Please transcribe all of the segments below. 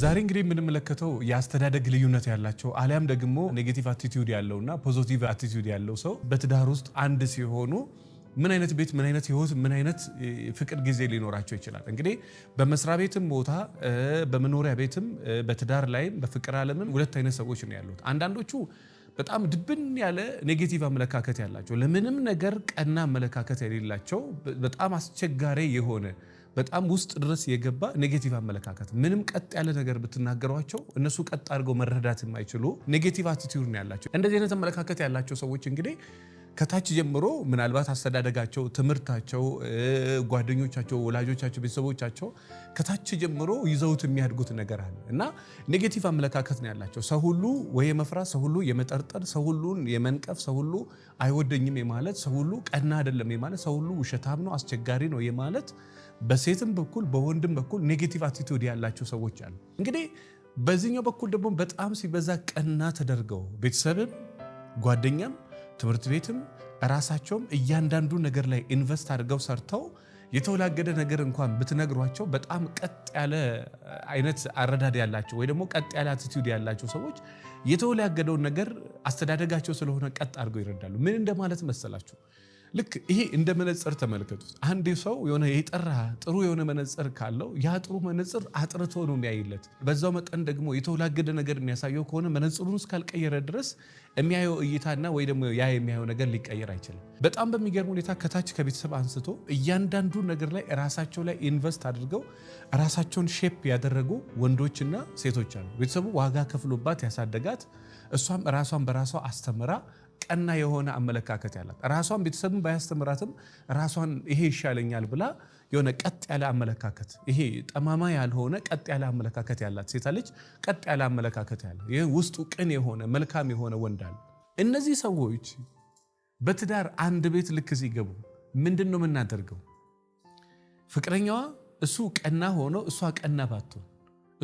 ዛሬ እንግዲህ የምንመለከተው የአስተዳደግ ልዩነት ያላቸው አሊያም ደግሞ ኔጌቲቭ አቲቲዩድ ያለውና ፖዚቲቭ አቲቲዩድ ያለው ሰው በትዳር ውስጥ አንድ ሲሆኑ ምን አይነት ቤት፣ ምን አይነት ህይወት፣ ምን አይነት ፍቅር ጊዜ ሊኖራቸው ይችላል። እንግዲህ በመስሪያ ቤትም ቦታ፣ በመኖሪያ ቤትም፣ በትዳር ላይም፣ በፍቅር ዓለምም ሁለት አይነት ሰዎች ነው ያሉት። አንዳንዶቹ በጣም ድብን ያለ ኔጌቲቭ አመለካከት ያላቸው፣ ለምንም ነገር ቀና አመለካከት የሌላቸው፣ በጣም አስቸጋሪ የሆነ በጣም ውስጥ ድረስ የገባ ኔጌቲቭ አመለካከት ምንም ቀጥ ያለ ነገር ብትናገሯቸው እነሱ ቀጥ አድርገው መረዳት የማይችሉ ኔጌቲቭ አቲቲዩድ ነው ያላቸው። እንደዚህ አይነት አመለካከት ያላቸው ሰዎች እንግዲህ ከታች ጀምሮ ምናልባት አስተዳደጋቸው፣ ትምህርታቸው፣ ጓደኞቻቸው፣ ወላጆቻቸው፣ ቤተሰቦቻቸው ከታች ጀምሮ ይዘውት የሚያድጉት ነገር አለ እና ኔጌቲቭ አመለካከት ነው ያላቸው። ሰው ሁሉ ወይ የመፍራት ሰው ሁሉ የመጠርጠር ሰው ሁሉን የመንቀፍ ሰው ሁሉ አይወደኝም የማለት ሰው ሁሉ ቀና አይደለም የማለት ሰው ሁሉ ውሸታም ነው አስቸጋሪ ነው የማለት በሴትም በኩል በወንድም በኩል ኔጌቲቭ አቲቱድ ያላቸው ሰዎች አሉ። እንግዲህ በዚህኛው በኩል ደግሞ በጣም ሲበዛ ቀና ተደርገው ቤተሰብም፣ ጓደኛም፣ ትምህርት ቤትም ራሳቸውም እያንዳንዱ ነገር ላይ ኢንቨስት አድርገው ሰርተው የተወላገደ ነገር እንኳን ብትነግሯቸው በጣም ቀጥ ያለ አይነት አረዳድ ያላቸው ወይ ደግሞ ቀጥ ያለ አቲቱድ ያላቸው ሰዎች የተወላገደውን ነገር አስተዳደጋቸው ስለሆነ ቀጥ አድርገው ይረዳሉ። ምን እንደማለት መሰላችሁ? ልክ ይሄ እንደ መነጽር ተመልከቱት። አንድ ሰው የሆነ የጠራ ጥሩ የሆነ መነጽር ካለው ያ ጥሩ መነጽር አጥርቶ ነው የሚያይለት። በዛው መጠን ደግሞ የተወላገደ ነገር የሚያሳየው ከሆነ መነጽሩን እስካልቀየረ ድረስ የሚያየው እይታና ወይ ደግሞ ያ የሚያየው ነገር ሊቀየር አይችልም። በጣም በሚገርም ሁኔታ ከታች ከቤተሰብ አንስቶ እያንዳንዱ ነገር ላይ ራሳቸው ላይ ኢንቨስት አድርገው ራሳቸውን ሼፕ ያደረጉ ወንዶችና ሴቶች አሉ። ቤተሰቡ ዋጋ ከፍሎባት ያሳደጋት እሷም ራሷን በራሷ አስተምራ ቀና የሆነ አመለካከት ያላት ራሷን ቤተሰብን ባያስተምራትም ራሷን ይሄ ይሻለኛል ብላ የሆነ ቀጥ ያለ አመለካከት ይሄ ጠማማ ያልሆነ ቀጥ ያለ አመለካከት ያላት ሴት ልጅ ቀጥ ያለ አመለካከት ያለ ይህ ውስጡ ቅን የሆነ መልካም የሆነ ወንድ አለ። እነዚህ ሰዎች በትዳር አንድ ቤት ልክ ሲገቡ ምንድን ነው የምናደርገው? ፍቅረኛዋ እሱ ቀና ሆኖ እሷ ቀና ባትሆን፣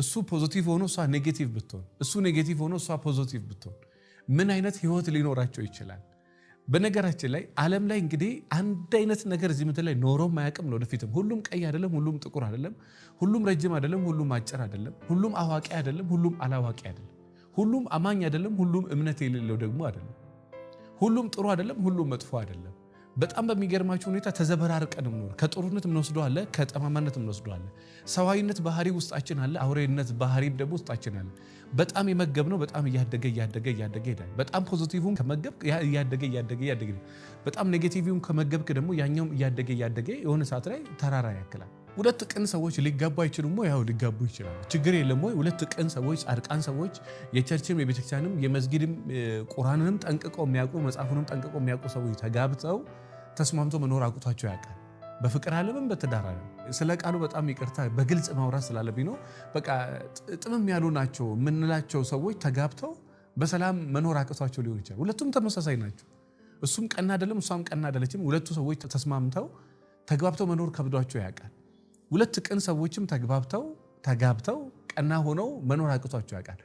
እሱ ፖዘቲቭ ሆኖ እሷ ኔጌቲቭ ብትሆን፣ እሱ ኔጌቲቭ ሆኖ እሷ ፖዘቲቭ ብትሆን ምን አይነት ህይወት ሊኖራቸው ይችላል? በነገራችን ላይ ዓለም ላይ እንግዲህ አንድ አይነት ነገር እዚህ ምድር ላይ ኖሮም አያውቅም ነው። ወደፊትም ሁሉም ቀይ አይደለም፣ ሁሉም ጥቁር አይደለም፣ ሁሉም ረጅም አይደለም፣ ሁሉም አጭር አይደለም፣ ሁሉም አዋቂ አይደለም፣ ሁሉም አላዋቂ አይደለም፣ ሁሉም አማኝ አይደለም፣ ሁሉም እምነት የሌለው ደግሞ አይደለም፣ ሁሉም ጥሩ አይደለም፣ ሁሉም መጥፎ አይደለም። በጣም በሚገርማችሁ ሁኔታ ተዘበራርቀን ምኖር ከጦርነት ምንወስደው አለ፣ ከጠማማነት ምንወስደው አለ። ሰዋዊነት ባህሪ ውስጣችን አለ፣ አውሬነት ባህሪ ደግሞ ውስጣችን አለ። በጣም የመገብ ነው። በጣም እያደገ እያደገ እያደገ ይሄዳል። በጣም ፖዚቲቭም ከመገብ እያደገ እያደገ እያደገ ነው። በጣም ኔጌቲቭም ከመገብክ ደግሞ ያኛውም እያደገ እያደገ የሆነ ሰዓት ላይ ተራራ ያክላል። ሁለት ቅን ሰዎች ሊጋቡ አይችሉም ወይ? ያው ሊጋቡ ይችላሉ። ችግር የለም ወይ? ሁለት ቅን ሰዎች ጻድቃን ሰዎች የቸርችም የቤተክርስቲያንም የመስጊድም ቁርአንንም ጠንቅቀው የሚያውቁ መጽሐፉንም ጠንቅቀው የሚያውቁ ሰዎች ተጋብተው ተስማምቶ መኖር አቁቷቸው ያውቃል። በፍቅር ዓለምም በትዳር ዓለም ስለ ቃሉ በጣም ይቅርታ በግልጽ ማውራት ስላለብኝ ነው። በቃ ጥምም ያሉ ናቸው የምንላቸው ሰዎች ተጋብተው በሰላም መኖር አቅቷቸው ሊሆን ይችላል። ሁለቱም ተመሳሳይ ናቸው። እሱም ቀና አይደለም፣ እሷም ቀና አይደለችም። ሁለቱ ሰዎች ተስማምተው ተግባብተው መኖር ከብዷቸው ያውቃል። ሁለት ቅን ሰዎችም ተግባብተው ተጋብተው ቀና ሆነው መኖር አቅቷቸው ያውቃል።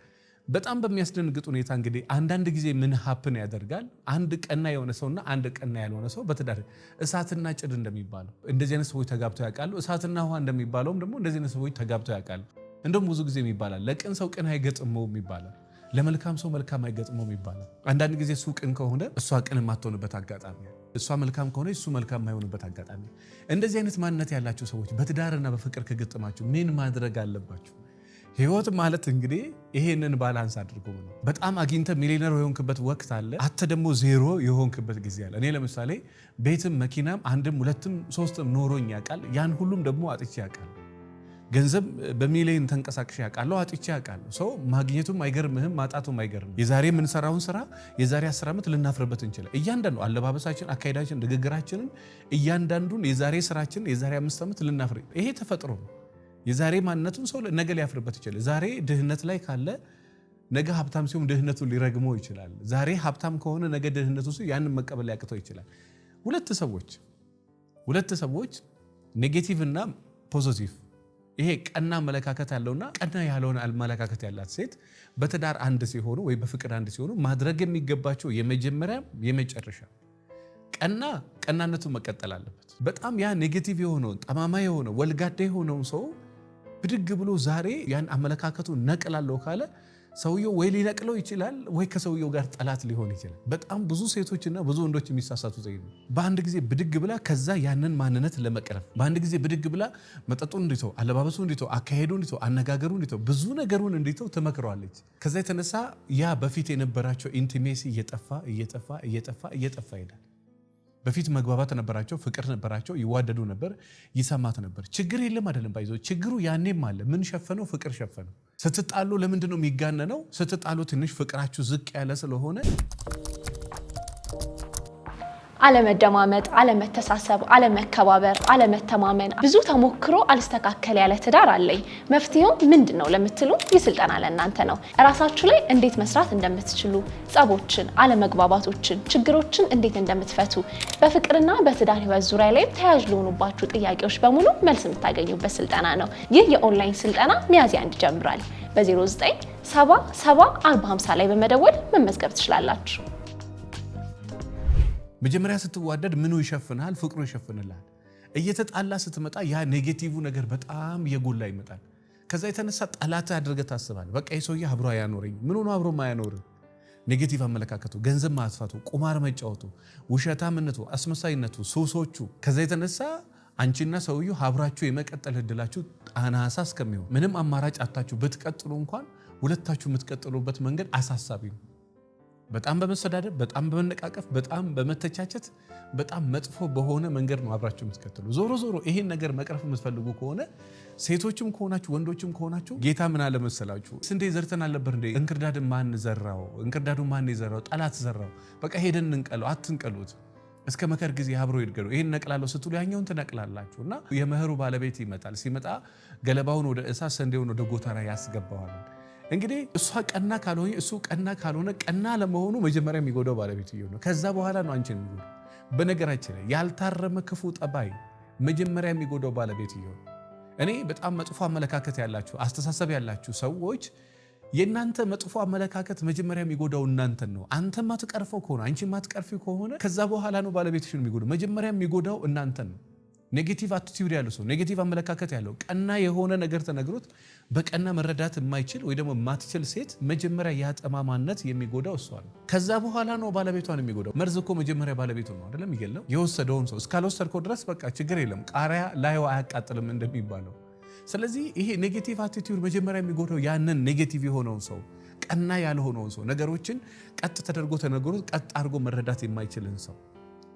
በጣም በሚያስደንግጥ ሁኔታ እንግዲህ አንዳንድ ጊዜ ምን ሀፕን ያደርጋል፣ አንድ ቀና የሆነ ሰውና አንድ ቀና ያልሆነ ሰው በትዳር እሳትና ጭድ እንደሚባለው እንደዚህ አይነት ሰዎች ተጋብተው ያውቃሉ። እሳትና ውሃ እንደሚባለውም ደግሞ እንደዚህ አይነት ሰዎች ተጋብተው ያውቃሉ። እንደውም ብዙ ጊዜ ይባላል ለቅን ሰው ቅን አይገጥመውም ይባላል። ለመልካም ሰው መልካም አይገጥመውም ይባላል። አንዳንድ ጊዜ እሱ ቅን ከሆነ እሷ ቅን የማትሆንበት አጋጣሚ፣ እሷ መልካም ከሆነ እሱ መልካም የማይሆንበት አጋጣሚ። እንደዚህ አይነት ማንነት ያላቸው ሰዎች በትዳርና በፍቅር ከገጠማችሁ ምን ማድረግ አለባችሁ? ህይወት ማለት እንግዲህ ይሄንን ባላንስ አድርጎ ነው። በጣም አግኝተ ሚሊነር የሆንክበት ወቅት አለ፣ አተ ደግሞ ዜሮ የሆንክበት ጊዜ አለ። እኔ ለምሳሌ ቤትም መኪናም አንድም ሁለትም ሶስትም ኖሮኝ ያውቃል። ያን ሁሉም ደግሞ አጥቼ ያውቃል። ገንዘብ በሚሊዮን ተንቀሳቅሼ ያውቃለሁ፣ አጥቼ ያውቃለሁ። ሰው ማግኘቱም አይገርምህም፣ ማጣቱም አይገርም። የዛሬ የምንሰራውን ስራ የዛሬ አስር ዓመት ልናፍርበት እንችላል። እያንዳንዱ አለባበሳችን፣ አካሄዳችን፣ ንግግራችንን እያንዳንዱን የዛሬ ስራችን የዛሬ አምስት ዓመት ልናፍር ይሄ ተፈጥሮ ነው። የዛሬ ማንነቱም ሰው ነገ ሊያፍርበት ይችላል። ዛሬ ድህነት ላይ ካለ ነገ ሀብታም ሲሆን ድህነቱ ሊረግሞ ይችላል። ዛሬ ሀብታም ከሆነ ነገ ድህነቱ ሲሆን ያንን መቀበል ሊያቅተው ይችላል። ሁለት ሰዎች ሁለት ሰዎች ኔጌቲቭ እና ፖዘቲቭ ይሄ ቀና አመለካከት ያለውና ቀና ያለውን አመለካከት ያላት ሴት በትዳር አንድ ሲሆኑ ወይ በፍቅር አንድ ሲሆኑ ማድረግ የሚገባቸው የመጀመሪያ የመጨረሻ ቀና ቀናነቱ መቀጠል አለበት። በጣም ያ ኔጌቲቭ የሆነውን ጠማማ የሆነው ወልጋዳ የሆነውን ሰው ብድግ ብሎ ዛሬ ያን አመለካከቱ ነቅላለሁ ካለ ሰውየው ወይ ሊነቅለው ይችላል ወይ ከሰውየው ጋር ጠላት ሊሆን ይችላል። በጣም ብዙ ሴቶችና ብዙ ወንዶች የሚሳሳቱ ዘይ በአንድ ጊዜ ብድግ ብላ ከዛ ያንን ማንነት ለመቅረፍ በአንድ ጊዜ ብድግ ብላ መጠጡ እንዲተው፣ አለባበሱ እንዲተው፣ አካሄዱ እንዲተው፣ አነጋገሩ እንዲተው፣ ብዙ ነገሩን እንዲተው ትመክረዋለች። ከዛ የተነሳ ያ በፊት የነበራቸው ኢንቲሜሲ እየጠፋ እየጠፋ እየጠፋ እየጠፋ ይሄዳል። በፊት መግባባት ነበራቸው፣ ፍቅር ነበራቸው፣ ይዋደዱ ነበር፣ ይሰማት ነበር። ችግር የለም አይደለም፣ ባይዞ ችግሩ ያኔም አለ። ምን ሸፈነው? ፍቅር ሸፈነው። ስትጣሉ ለምንድነው ነው የሚጋነነው? ስትጣሉ ትንሽ ፍቅራችሁ ዝቅ ያለ ስለሆነ አለመደማመጥ፣ አለመተሳሰብ፣ አለመከባበር፣ አለመተማመን፣ ብዙ ተሞክሮ አልስተካከል ያለ ትዳር አለኝ። መፍትሄው ምንድን ነው ለምትሉ ይህ ስልጠና ለእናንተ ነው። እራሳችሁ ላይ እንዴት መስራት እንደምትችሉ፣ ጸቦችን፣ አለመግባባቶችን፣ ችግሮችን እንዴት እንደምትፈቱ፣ በፍቅርና በትዳር ህይወት ዙሪያ ላይም ተያያዥ ለሆኑባችሁ ጥያቄዎች በሙሉ መልስ የምታገኙበት ስልጠና ነው። ይህ የኦንላይን ስልጠና ሚያዝያ አንድ ይጀምራል። በ0977 4050 ላይ በመደወል መመዝገብ ትችላላችሁ። መጀመሪያ ስትዋደድ ምኑ ይሸፍንሃል? ፍቅሩ ይሸፍንልሃል። እየተጣላ ስትመጣ ያ ኔጌቲቭ ነገር በጣም እየጎላ ይመጣል። ከዛ የተነሳ ጠላት አድርገ ታስባል በቃ የሰውዬ አብሮ አያኖረኝ። ምን ሆኖ አብሮ አያኖር? ኔጌቲቭ አመለካከቱ፣ ገንዘብ ማጥፋቱ፣ ቁማር መጫወቱ፣ ውሸታምነቱ፣ አስመሳይነቱ፣ ሱሶቹ። ከዛ የተነሳ አንቺና ሰውዬው አብራችሁ የመቀጠል እድላችሁ አናሳ እስከሚሆን ምንም አማራጭ አታችሁ ብትቀጥሉ እንኳን ሁለታችሁ የምትቀጥሉበት መንገድ አሳሳቢ ነው። በጣም በመሰዳደብ በጣም በመነቃቀፍ በጣም በመተቻቸት በጣም መጥፎ በሆነ መንገድ ነው አብራችሁ የምትከተሉ። ዞሮ ዞሮ ይሄን ነገር መቅረፍ የምትፈልጉ ከሆነ ሴቶችም ከሆናችሁ ወንዶችም ከሆናችሁ ጌታ ምን አለ መሰላችሁ፣ ስንዴ ዘርተን አልነበር እንዴ? እንክርዳድ ማን ዘራው? እንክርዳዱ ማን የዘራው? ጠላት ዘራው። በቃ ሄደን እንቀለው። አትንቀሉት። እስከ መከር ጊዜ አብሮ ይድገዱ። ይህን ነቅላለሁ ስትሉ ያኛውን ትነቅላላችሁ እና የመኸሩ ባለቤት ይመጣል። ሲመጣ ገለባውን ወደ እሳት፣ ስንዴውን ወደ ጎተራ ያስገባዋል። እንግዲህ እሷ ቀና ካልሆነ እሱ ቀና ካልሆነ ቀና ለመሆኑ መጀመሪያ የሚጎዳው ባለቤትየው ነው። ከዛ በኋላ ነው አንቺን የሚጎዳው። በነገራችን ላይ ያልታረመ ክፉ ጠባይ መጀመሪያ የሚጎዳው ነው። እኔ በጣም መጥፎ አመለካከት ያላችሁ አስተሳሰብ ያላችሁ ሰዎች የእናንተ መጥፎ አመለካከት መጀመሪያ የሚጎዳው እናንተን ነው። አንተ ማትቀርፈው ከሆነ አንቺ ማትቀርፊ ከሆነ ከዛ በኋላ ነው ባለቤትሽን የሚጎዳው። መጀመሪያ የሚጎዳው እናንተን ነው። ኔጌቲቭ አቲቲዩድ ያለው ሰው ኔጌቲቭ አመለካከት ያለው ቀና የሆነ ነገር ተነግሮት በቀና መረዳት የማይችል ወይ ደግሞ የማትችል ሴት መጀመሪያ ያጠማማነት የሚጎዳው እሷ ነው። ከዛ በኋላ ነው ባለቤቷን የሚጎዳው። መርዝ እኮ መጀመሪያ ባለቤቱ ነው አይደለም የሚገለው የወሰደውን ሰው። እስካልወሰድከው ድረስ በቃ ችግር የለም ቃሪያ ላዩ አያቃጥልም እንደሚባለው። ስለዚህ ይሄ ኔጌቲቭ አቲቲዩድ መጀመሪያ የሚጎዳው ያንን ኔጌቲቭ የሆነውን ሰው ቀና ያልሆነውን ሰው ነገሮችን ቀጥ ተደርጎ ተነግሮት ቀጥ አድርጎ መረዳት የማይችልን ሰው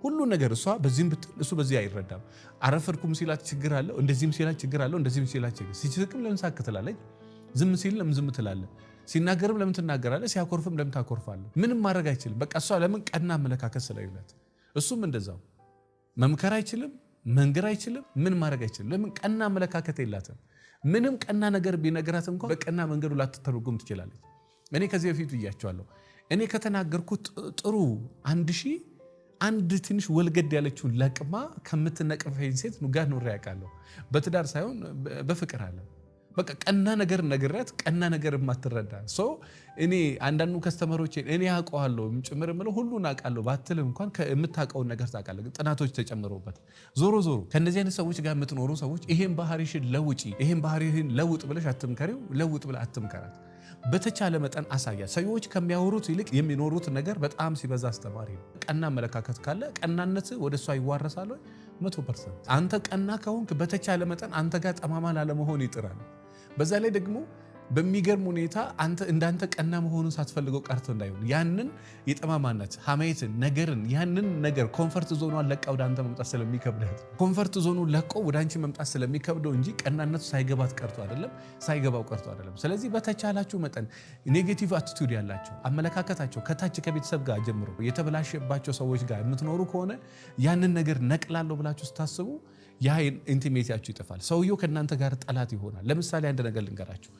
ሁሉ ነገር እሷ በዚህም ብትል እሱ በዚህ አይረዳም። አረፈድኩም ሲላት ችግር አለው፣ እንደዚህም ሲላት ችግር አለው፣ እንደዚህም ሲላት ችግር። ሲስቅም ለምን ሳቅ ትላለች? ዝም ሲል ለምን ዝም ትላለ? ሲናገርም ለምን ትናገራለ? ሲያኮርፍም ለምን ታኮርፋለ? ምንም ማድረግ አይችልም። በቃ እሷ ለምን ቀና አመለካከት ስለሌላት፣ እሱም እንደዛው መምከር አይችልም፣ መንገር አይችልም፣ ምን ማድረግ አይችልም። ለምን ቀና አመለካከት የላትም። ምንም ቀና ነገር ቢነግራት እንኳን በቀና መንገዱ ላትተረጉም ትችላለች። እኔ ከዚህ በፊት ብያቸዋለሁ። እኔ ከተናገርኩት ጥሩ አንድ ሺህ አንድ ትንሽ ወልገድ ያለችውን ለቅማ ከምትነቅፈኝ ሴት ጋር ኖሬ ያውቃለሁ። በትዳር ሳይሆን በፍቅር አለ። በቃ ቀና ነገር ነግረት ቀና ነገር የማትረዳ ሰው እኔ አንዳንዱ ከስተመሮች እኔ ያውቀዋለሁ ጭምር የምለው ሁሉን አውቃለሁ ባትል እንኳን የምታውቀውን ነገር ታውቃለህ። ጥናቶች ተጨምሮበት። ዞሮ ዞሮ ከእነዚህ አይነት ሰዎች ጋር የምትኖሩ ሰዎች ይሄን ባህሪሽን ለውጪ፣ ይሄን ባህሪህን ለውጥ ብለሽ አትምከሪው፣ ለውጥ ብለህ አትምከራት። በተቻለ መጠን አሳያል። ሰዎች ከሚያወሩት ይልቅ የሚኖሩት ነገር በጣም ሲበዛ አስተማሪ ነው። ቀና አመለካከት ካለ ቀናነት ወደ እሷ ይዋረሳል። መቶ ፐርሰንት አንተ ቀና ከሆንክ በተቻለ መጠን አንተ ጋር ጠማማ ላለመሆን ይጥራል። በዛ ላይ ደግሞ በሚገርም ሁኔታ አንተ እንዳንተ ቀና መሆኑን ሳትፈልገው ቀርቶ እንዳይሆን ያንን የጠማማነት ሀሜትን ነገርን ያንን ነገር ኮንፈርት ዞኗን ለቃ ወደ አንተ መምጣት ስለሚከብዳት ኮንፈርት ዞኑ ለቆ ወደ አንቺ መምጣት ስለሚከብደው እንጂ ቀናነቱ ሳይገባት ቀርቶ አይደለም፣ ሳይገባው ቀርቶ አይደለም። ስለዚህ በተቻላችሁ መጠን ኔጌቲቭ አቲቱድ ያላቸው አመለካከታቸው ከታች ከቤተሰብ ጋር ጀምሮ የተበላሸባቸው ሰዎች ጋር የምትኖሩ ከሆነ ያንን ነገር ነቅላለሁ ብላችሁ ስታስቡ ያ ኢንቲሜቲያችሁ ይጠፋል። ሰውየው ከእናንተ ጋር ጠላት ይሆናል። ለምሳሌ አንድ ነገር ልንገራችሁ።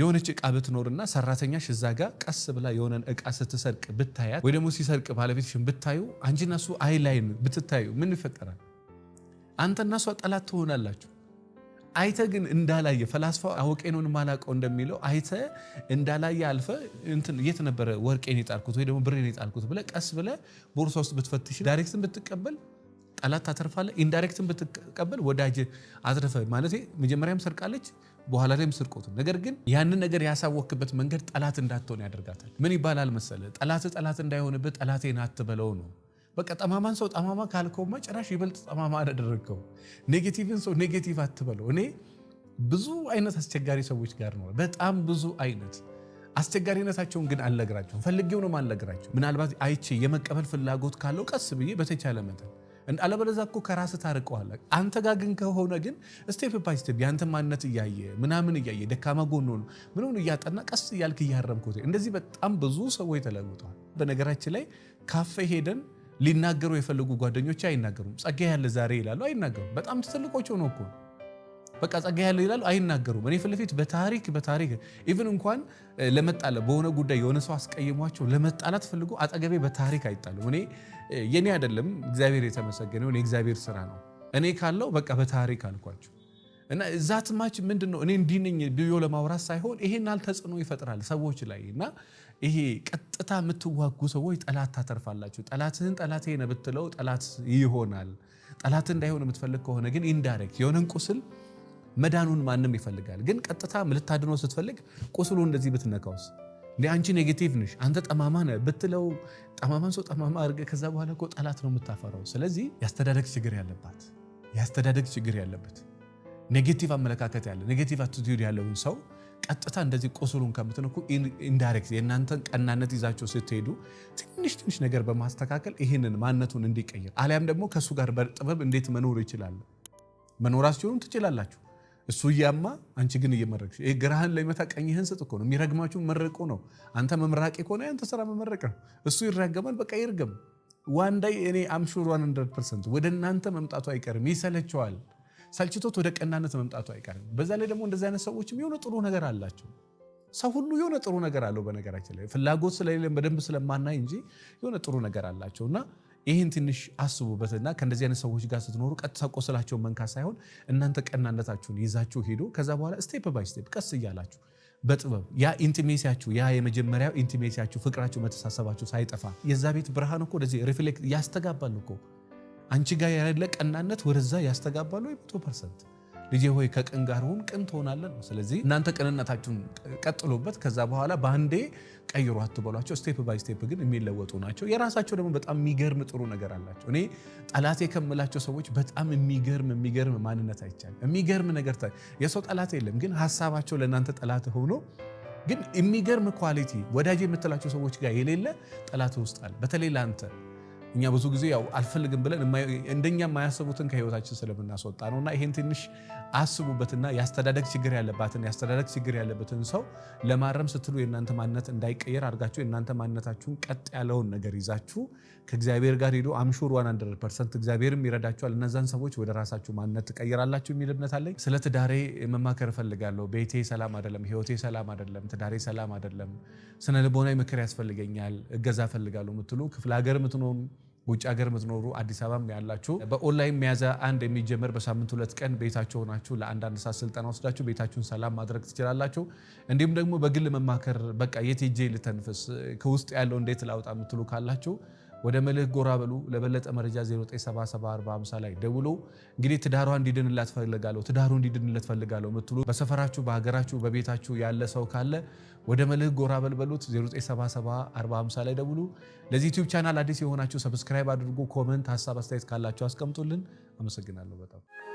የሆነች እቃ ብትኖርና ሰራተኛሽ እዛ ጋር ቀስ ብላ የሆነን እቃ ስትሰርቅ ብታያት ወይ ደግሞ ሲሰርቅ ባለቤትሽን ብታዩ አንቺና እሱ አይ ላይን ብትታዩ ምን ይፈጠራል? አንተና እሷ ጠላት ትሆናላችሁ። አይተ ግን እንዳላየ ፈላስፋው አወቄኖን ማላቀው እንደሚለው አይተ እንዳላየ አልፈ የት ነበረ ወርቄን የጣልኩት ወይ ደግሞ ብሬን የጣልኩት ብለ ቀስ ብለ ቦርሳ ውስጥ ብትፈትሽ ዳይሬክትን ብትቀበል ጠላት ታተርፋለ። ኢንዳይሬክትን ብትቀበል ወዳጅ አትረፈ ማለት መጀመሪያም ሰርቃለች በኋላ ላይም ስርቆት። ነገር ግን ያንን ነገር ያሳወክበት መንገድ ጠላት እንዳትሆን ያደርጋታል። ምን ይባላል መሰለ ጠላት ጠላት እንዳይሆንበት ጠላቴን አትበለው ነው። በቃ ጠማማን ሰው ጠማማ ካልከውማ ጭራሽ ይበልጥ ጠማማ አደረግከው። ኔጌቲቭን ሰው ኔጌቲቭ አትበለው። እኔ ብዙ አይነት አስቸጋሪ ሰዎች ጋር ነው በጣም ብዙ አይነት አስቸጋሪነታቸውን ግን አልነግራቸውም። ፈልጌው ነው የማልነግራቸው። ምናልባት አይቼ የመቀበል ፍላጎት ካለው ቀስ ብዬ በተቻለ መጠን አለበለዛ እኮ ከራስህ ታርቀዋለህ። አንተ ጋር ግን ከሆነ ግን ስቴፕ ባይ ስቴፕ የአንተ ማንነት እያየ ምናምን እያየ ደካማ ጎኖ ነው ምንም እያጠና ቀስ እያልክ እያረምኩት እንደዚህ በጣም ብዙ ሰዎች ተለውጠዋል። በነገራችን ላይ ካፌ ሄደን ሊናገሩ የፈለጉ ጓደኞች አይናገሩም። ጸጋ ያለ ዛሬ ይላሉ አይናገሩም። በጣም ትልቆች ሆኖ እኮ በቃ ጸጋ ያለው ይላሉ፣ አይናገሩም። እኔ ፊት ለፊት በታሪክ በታሪክ ኢቭን እንኳን ለመጣለ በሆነ ጉዳይ የሆነ ሰው አስቀይሟቸው ለመጣላት ፈልጎ አጠገቤ በታሪክ አይጣሉም። እኔ የኔ አይደለም እግዚአብሔር የተመሰገነ ሆን የእግዚአብሔር ስራ ነው። እኔ ካለው በቃ በታሪክ አልኳቸው እና እዛ ትማች ምንድን ነው እኔ እንዲህ ነኝ ብዮ ለማውራት ሳይሆን ይሄን ያህል ተጽዕኖ ይፈጥራል ሰዎች ላይ እና ይሄ ቀጥታ የምትዋጉ ሰዎች ጠላት ታተርፋላችሁ። ጠላትህን ጠላት ነ ብትለው ጠላት ይሆናል። ጠላት እንዳይሆን የምትፈልግ ከሆነ ግን ኢንዳይሬክት የሆነን ቁስል መዳኑን ማንም ይፈልጋል። ግን ቀጥታ ልታድነው ስትፈልግ ቁስሉ እንደዚህ ብትነካውስ እንዲ አንቺ ኔጌቲቭ ነሽ፣ አንተ ጠማማ ነህ ብትለው ጠማማን ሰው ጠማማ አድርገህ ከዛ በኋላ እኮ ጠላት ነው የምታፈራው። ስለዚህ ያስተዳደግ ችግር ያለባት የአስተዳደግ ችግር ያለበት ኔጌቲቭ አመለካከት ያለ ኔጌቲቭ አቲቲዩድ ያለውን ሰው ቀጥታ እንደዚህ ቁስሉን ከምትነኩ ኢንዳይሬክት የእናንተን ቀናነት ይዛቸው ስትሄዱ ትንሽ ትንሽ ነገር በማስተካከል ይህንን ማንነቱን እንዲቀይር አሊያም ደግሞ ከእሱ ጋር በጥበብ እንዴት መኖር ይችላሉ መኖራችሁን ትችላላችሁ እሱ እያማ አንቺ ግን እየመረቅሽ ይሄ ግራህን ለመታ ቀኝህን ስጥ እኮ ነው። የሚረግማችሁ መረቁ ነው። አንተ መምራቂ ከሆነ አንተ ስራ መመረቅ ነው። እሱ ይራገማል፣ በቃ ይርገም። ዋንዳይ እኔ አምሹር 100 ወደ እናንተ መምጣቱ አይቀርም። ይሰለቸዋል። ሰልችቶት ወደ ቀናነት መምጣቱ አይቀርም። በዛ ላይ ደግሞ እንደዚህ አይነት ሰዎችም የሆነ ጥሩ ነገር አላቸው። ሰው ሁሉ የሆነ ጥሩ ነገር አለው። በነገራችን ላይ ፍላጎት ስለሌለን በደንብ ስለማናይ እንጂ የሆነ ጥሩ ነገር አላቸው እና ይህን ትንሽ አስቡበትና ከእንደዚህ አይነት ሰዎች ጋር ስትኖሩ ቀጥታ ቆስላቸውን መንካት ሳይሆን እናንተ ቀናነታችሁን ይዛችሁ ሄዶ ከዛ በኋላ ስቴፕ ባይ ስቴፕ ቀስ እያላችሁ በጥበብ ያ ኢንቲሜሲያችሁ ያ የመጀመሪያው ኢንቲሜሲያችሁ ፍቅራችሁ፣ መተሳሰባችሁ ሳይጠፋ የዛ ቤት ብርሃን እኮ ወደዚህ ሪፍሌክት ያስተጋባል እኮ አንቺ ጋር ያለ ቀናነት ወደዛ ያስተጋባሉ መቶ ፐርሰንት ልጄ ሆይ ከቅን ጋር ሁን፣ ቅን ትሆናለን። ስለዚህ እናንተ ቅንነታችሁን ቀጥሎበት ከዛ በኋላ በአንዴ ቀይሩ አትበሏቸው። ስቴፕ ባይ ስቴፕ ግን የሚለወጡ ናቸው። የራሳቸው ደግሞ በጣም የሚገርም ጥሩ ነገር አላቸው። እኔ ጠላቴ ከምላቸው ሰዎች በጣም የሚገርም የሚገርም ማንነት አይቻልም። የሚገርም ነገር የሰው ጠላት የለም፣ ግን ሀሳባቸው ለእናንተ ጠላት ሆኖ ግን የሚገርም ኳሊቲ ወዳጅ የምትላቸው ሰዎች ጋር የሌለ ጠላት ውስጥ አለ። በተለይ ለአንተ እኛ ብዙ ጊዜ ያው አልፈልግም ብለን እንደኛ የማያስቡትን ከህይወታችን ስለምናስወጣ ነው። እና ይሄን ትንሽ አስቡበትና የአስተዳደግ ችግር ያለባትን የአስተዳደግ ችግር ያለበትን ሰው ለማረም ስትሉ የእናንተ ማንነት እንዳይቀየር አድርጋችሁ የእናንተ ማንነታችሁን ቀጥ ያለውን ነገር ይዛችሁ ከእግዚአብሔር ጋር ሄዶ አምሹር 100 ፐርሰንት እግዚአብሔርም ይረዳችኋል። እነዛን ሰዎች ወደ ራሳችሁ ማንነት ትቀይራላችሁ የሚል እምነት አለኝ። ስለ ትዳሬ መማከር እፈልጋለሁ። ቤቴ ሰላም አይደለም፣ ህይወቴ ሰላም አይደለም፣ ትዳሬ ሰላም አይደለም፣ ስነ ልቦናዊ ምክር ያስፈልገኛል፣ እገዛ እፈልጋለሁ የምትሉ ክፍለ ሀገር የምትኖሩ ውጭ ሀገር የምትኖሩ አዲስ አበባም ያላችሁ በኦንላይን ሚያዝያ አንድ የሚጀምር በሳምንት ሁለት ቀን ቤታችሁ ሆናችሁ ለአንዳንድ ሰዓት ስልጠና ወስዳችሁ ቤታችሁን ሰላም ማድረግ ትችላላችሁ። እንዲሁም ደግሞ በግል መማከር በቃ የት ሄጄ ልተንፍስ፣ ከውስጥ ያለው እንዴት ላውጣ የምትሉ ካላችሁ ወደ መልሕቅ ጎራ በሉ። ለበለጠ መረጃ 097445 ላይ ደውሎ እንግዲህ ትዳሯ እንዲድንላት ፈልጋለሁ፣ ትዳሩ እንዲድንለት ፈልጋለሁ የምትሉ በሰፈራችሁ፣ በሀገራችሁ፣ በቤታችሁ ያለ ሰው ካለ ወደ መልህ ጎራ በልበሉት 0977450 ላይ ደውሉ። ለዚህ ዩቲዩብ ቻናል አዲስ የሆናችሁ ሰብስክራይብ አድርጉ። ኮመንት፣ ሀሳብ አስተያየት ካላችሁ አስቀምጡልን። አመሰግናለሁ በጣም